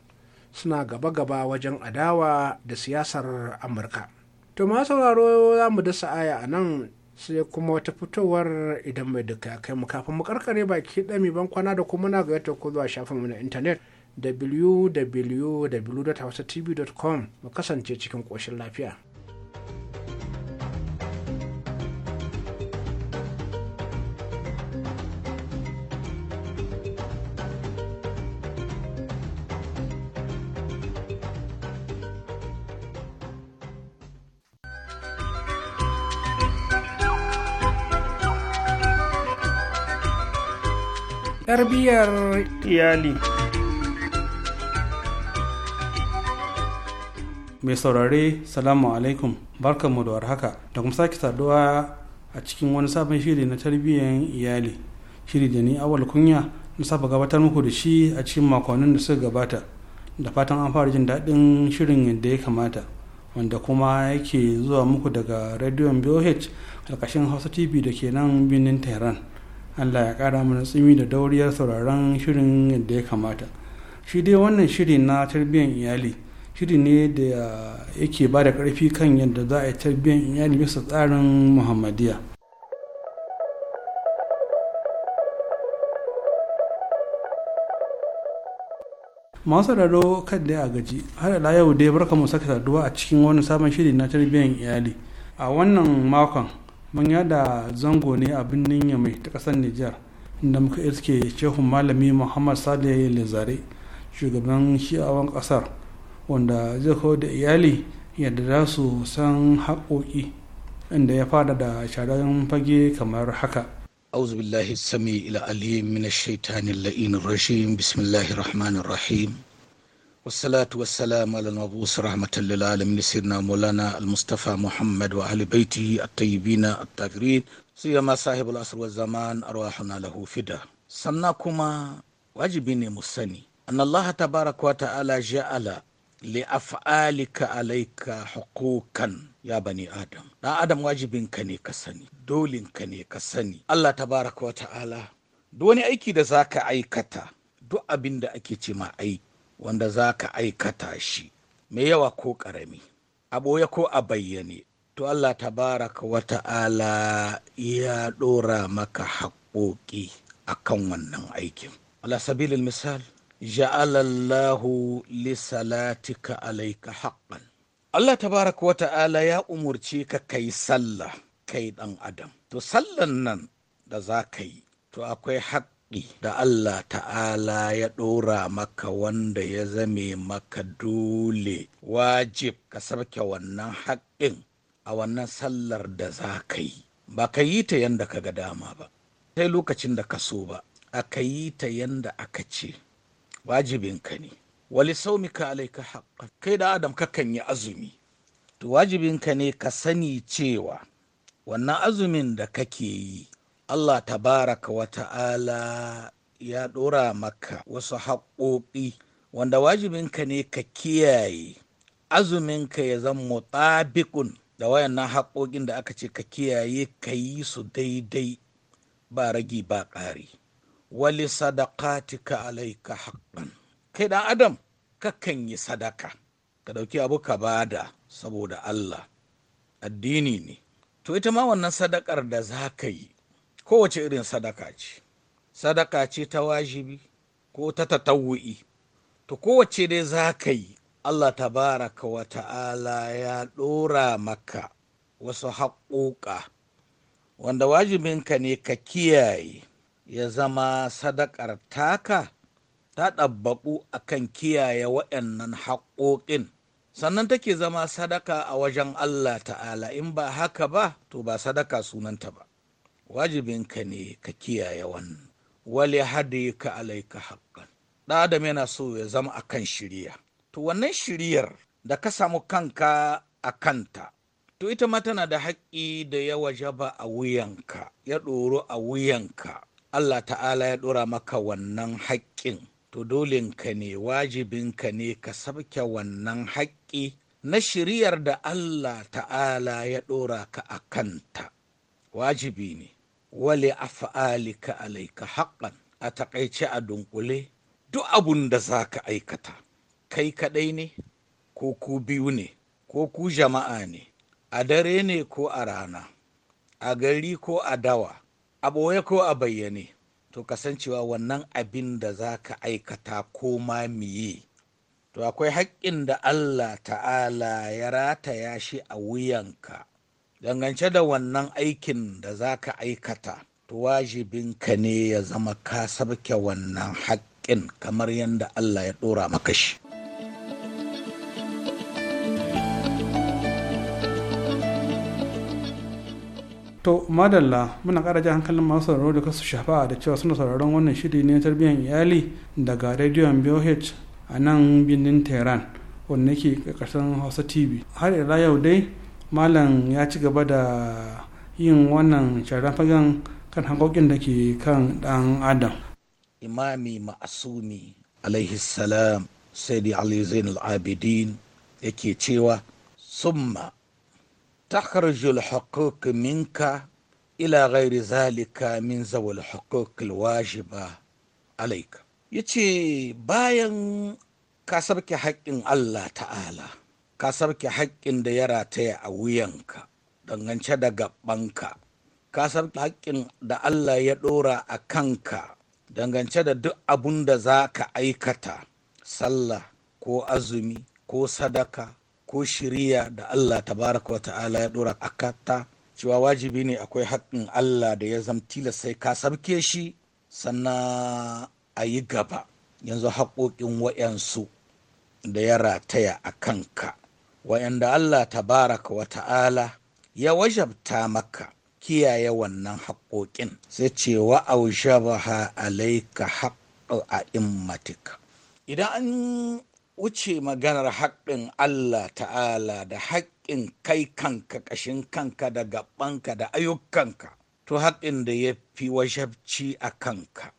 Speaker 1: suna gaba-gaba wajen adawa da siyasar amurka to ma sauraro za mu da sa'aya a nan sai kuma wata fitowar idan mai duka kai mu kafin mu karkare baki ɗami ban kwana da kuma na ga yadda ko zuwa shafin mu na intanet www.hausatv.com mu kasance cikin ƙoshin lafiya. tarbiyyar iyali.
Speaker 5: mai saurare salamu alaikum barkanmu da warhaka da kuma sake saduwa a cikin wani sabon shiri na tarbiyyar iyali shiri da ni awal kunya na saba gabatar muku da shi a cikin makonnin da suka gabata da fatan an fara jin daɗin shirin yadda ya kamata wanda kuma yake zuwa muku daga rediyon boh karkashin hausa tv da ke nan birnin tehran allah ya kara mana tsimi da dauriyar sauraron shirin yadda ya kamata shi dai wannan shiri na tarbiyyar iyali shiri ne da yake ba da karfi kan yadda za a yi tarbiyyar iyali bisa tsarin muhammadiya masu raro kan da a gaji har da yau dai barka mu saka saduwa a cikin wani sabon shiri na tarbiyyar iyali a wannan makon mun yada zango ne a birnin yamai ta kasar nijar inda muka iske shehun malami muhammad salih lezare shugaban shi'awan kasar wanda zai
Speaker 3: kawo da iyali yadda
Speaker 5: za su san haƙoƙi inda ya fada da sharan fage kamar haka
Speaker 3: أعوذ بالله السميع العليم من الشيطان اللئيم الرجيم بسم الله الرحمن الرحيم والصلاة والسلام على المبعوث رحمة للعالمين سيدنا مولانا المصطفى محمد وأهل بيته الطيبين الطاهرين سيما صاحب العصر والزمان أرواحنا له فدا سنكما واجبين مسني أن الله تبارك وتعالى جعل li'af'alika alaika hukukan ya bani adam dan adam wajibinka ne ka sani dolinka ne ka sani allah tabaraka wa ta'ala duk wani aiki da za ka aikata duk abin da ake ce ma ai wanda za ka aikata shi mai yawa ko ƙarami a ɓoye ko a bayyane to allah tabaraka wa ta'ala ya ɗora maka haƙoƙi akan wannan aikin ala sabilin misal ja'alallahu salatika alaika haqqan Allah tabaraka wa ta'ala ya umarci ka kai sallah kai ɗan adam to sallan nan da za ka yi to akwai haƙƙi da Allah ta'ala ya ɗora maka wanda ya zame maka dole wajib ka sarke wannan haƙƙin a wannan sallar da za ka yi ba ka yi ta yanda ka ga dama ba sai lokacin da ka so ba A ka yi ta yanda aka ce wajibin ka ne wali saumika alaika haƙa kai da adam kakan yi azumi to wajibin ka ne ka sani cewa wannan azumin da kake yi Allah tabaraka wa ta'ala ya ɗora maka wasu haƙoƙi wanda wajibin ka ne ka kiyaye azuminka ya zama mutabikun da wayannan haƙoƙin da aka ce ka kiyaye ka yi su daidai ba ragi ba ƙari wali sadaqatika alaika haqqan kai dan adam kakan yi sadaka ka ɗauki abu ka bada saboda Allah addini ne to ita ma wannan sadakar da za ka yi kowace irin sadaka ce sadaka ce ta wajibi ko ta tatawu'i to kowace dai za ka yi Allah tabaraka wa ta'ala ya ɗora maka wasu haƙoƙa wanda wajibinka ne ka kiyaye ya zama sadakar taka ta ɗabbaƙu a kan kiyaye waɗannan haƙoƙin sannan take zama sadaka a wajen Allah ta'ala in ba haka ba to ba sadaka sunanta ba wajibinka ne ka kiyaye wannan wali ka alaika haƙƙan Ɗadam adam yana so ya zama a kan shirya. to wannan shiryar. da ka samu kanka a kanta to ita ma tana da haƙƙi da ya wajaba a wuyanka ya ɗoro a wuyanka Allah ta'ala ya ɗora maka wannan haƙƙin to dolinka ne wajibinka ne ka sabke wannan haƙƙi na shiriyar da Allah ta'ala ya ɗora ka a kanta wajibi ne wale fa’alika alaika haƙƙan a taƙaice a dunkule duk abun da za ka aikata kai kaɗai ne ko ku biyu ne ko ku jama'a ne a dare ne ko a rana a gari ko a dawa a ɓoye ko a bayyane to kasancewa wannan abin da za ka aikata ko ma miye to akwai haƙƙin da allah ta'ala ya rataya shi a wuyanka dangance da wannan aikin da za ka aikata to wajibinka ne ya zama ka sabke wannan haƙƙin kamar yadda allah ya ɗora maka shi
Speaker 5: to madalla muna kara hankalin masu sauraro da kasu shafa da cewa suna sauraron wannan shiri ne tarbiyyar iyali daga rediyon mboh a nan birnin tehran wanda yake ƙarƙashin hausa tv har ila yau dai malam ya ci gaba da yin wannan sharan fagen kan hankokin da ke kan ɗan adam
Speaker 3: imami ma'asumi alaihi salam sai ali zainul abidin yake cewa summa تخرج الحقوق منك ila ghairi zalika min zawal hukukul wajiba alaika yace bayan ka sabke haƙƙin Allah ta'ala ka sabke haƙƙin da ya rataya a wuyanka dangance da gabanka ka sabke haƙƙin da Allah ya ɗora a kanka dangance da duk abun da za ka aikata sallah ko azumi ko sadaka ko shiriya da Allah tabaraka wa ta'ala ya dora akata cewa wajibi ne akwai haƙƙin Allah da ya zamtila tilastai, sai ka sabke shi sannan a yi gaba yanzu haƙoƙin wa'yansu da ya rataya a kanka wa'yanda Allah tabaraka wa ta'ala ya wajabta maka kiyaye wannan haƙoƙin sai ce wa aushabaha alaika haƙƙo a immatika idan an wuce maganar haƙƙin Allah ta'ala da haƙƙin kai kanka ƙashin kanka da gabanka da ayyukanka to haƙƙin da ya fi washabci a kanka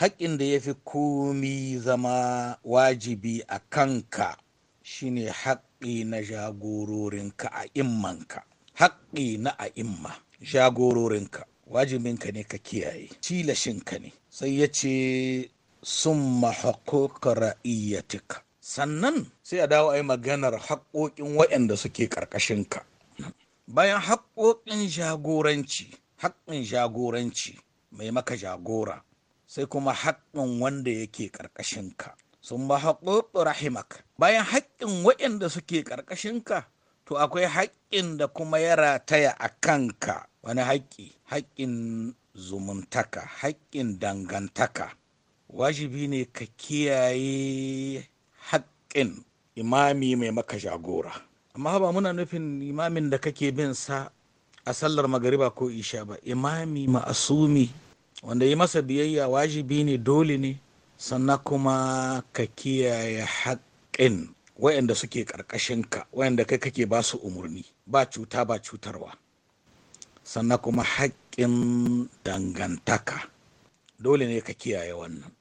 Speaker 3: haƙƙin da ya fi komi zama wajibi a kanka shine haƙƙi na jagororinka a immanka haƙƙi na a imma jagororinka wajibinka ne ka kiyaye tilashinka ne sai ya ce summa haƙoƙa sannan sai a dawo a yi maganar haƙoƙin waɗanda suke ƙarƙashinka bayan haƙoƙin jagoranci haƙƙin jagoranci mai maka jagora sai kuma haƙƙin wanda yake ƙarƙashinka sun ba haƙoƙin rahimak bayan haƙƙin waɗanda suke ƙarƙashin ka, to akwai haƙƙin da kuma ya rataya a kanka wani haƙƙi haƙƙin zumuntaka haƙƙin dangantaka wajibi ne ka kiyaye muƙin imami mai maka jagora amma ba muna nufin imamin da kake bin sa a sallar magariba ko isha ba imami ma'asumi wanda yi masa biyayya wajibi ne dole ne sannan kuma ka kiyaye haƙƙin wayanda suke ƙarƙashinka wayanda kai kake ba su umarni ba cuta ba cutarwa sannan kuma haƙƙin dangantaka dole ne ka kiyaye wannan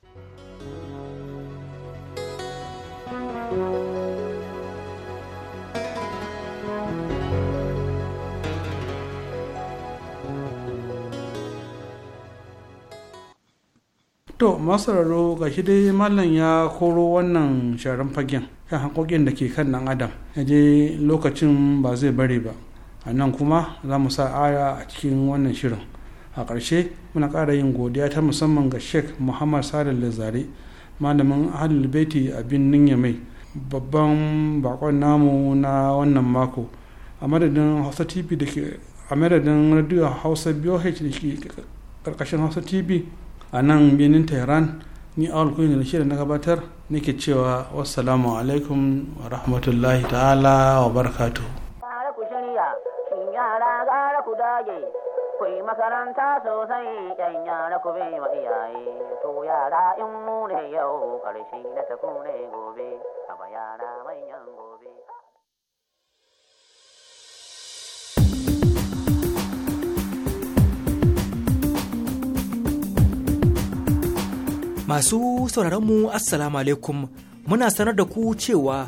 Speaker 5: to masararo ga shi dai mallam ya koro wannan sharan fagen kan hankokin da ke kan nan adam ya je lokacin ba zai bare ba a nan kuma za mu sa aya a cikin wannan shirin a ƙarshe muna ƙara yin godiya ta musamman ga sheikh muhammad salih lazare malamin ahlul a birnin yamai babban bakon namu na wannan mako a madadin hausa tv da ke a madadin radio hausa boh da ke karkashin hausa tv a nan birnin tehran ni awal kuyi da na gabatar nake cewa wassalamu alaikum wa rahmatullahi
Speaker 6: ta'ala wa barakatuhu
Speaker 7: ku yi makaranta sosai yan yara ku wa iyaye to yara in mu ne yau ƙarshe na taku ne gobe kama yara
Speaker 6: manyan gobe
Speaker 2: Masu sauraronmu Assalamu alaikum muna sanar da ku cewa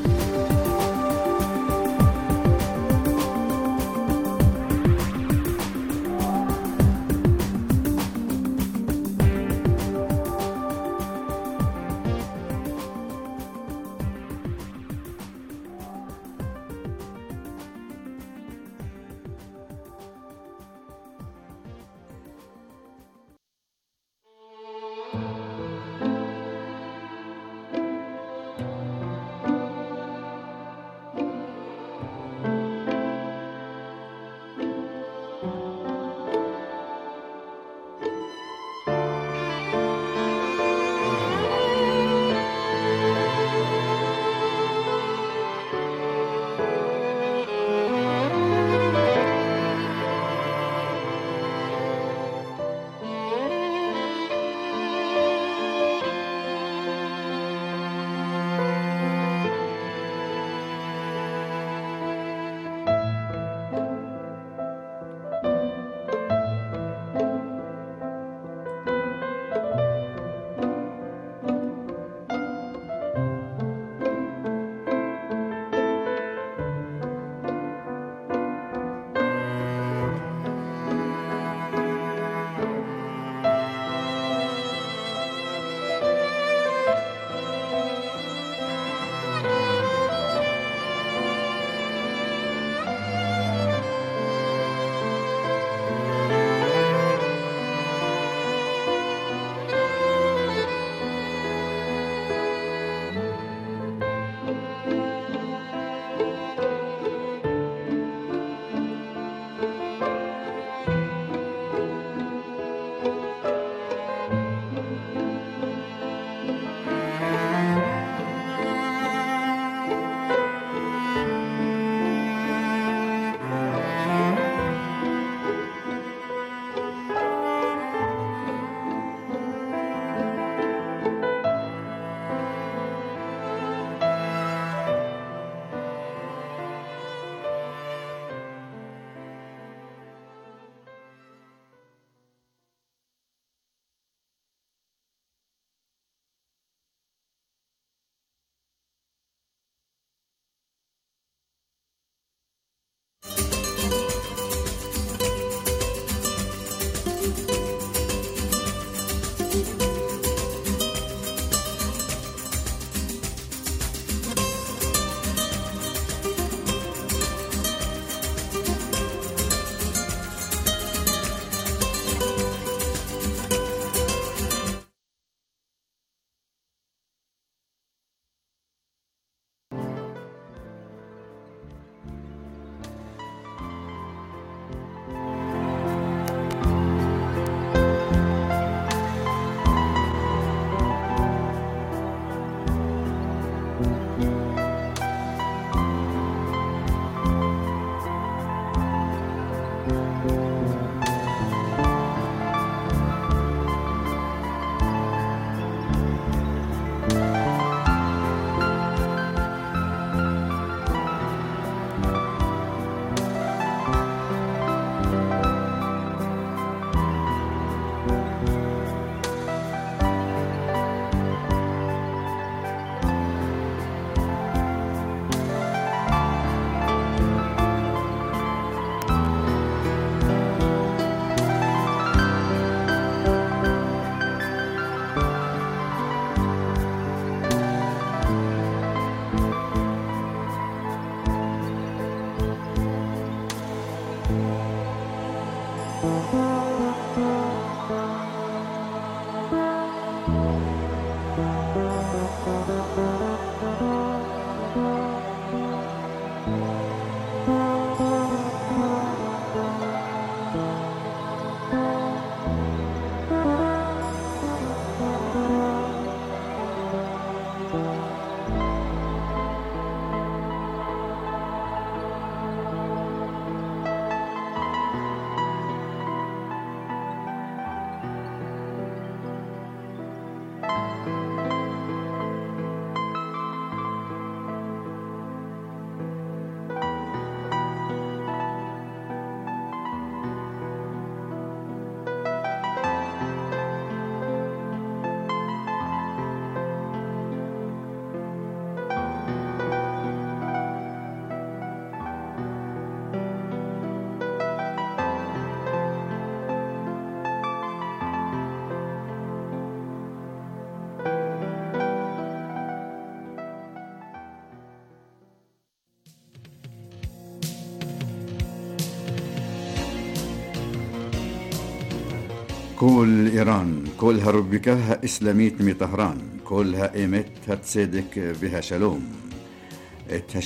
Speaker 8: كل إيران كلها ربكها إسلاميت من طهران كلها إيمت هتصدق بها شلوم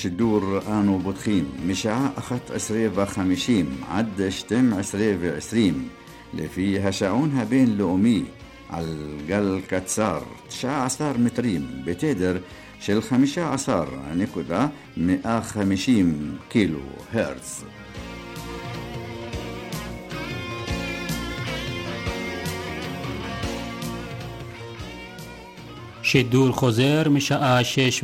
Speaker 8: الدور آنو بوتخيم مشاع أخت أسرية خمشيم عد شتم أسرية وعسريم لفيها شعونها بين لؤمي على قل كتسار تشاع أسار متريم بتدر شل خمشة أسار نكودا مئة خمشيم كيلو هرتز
Speaker 2: که دور خوزر میشه آشش و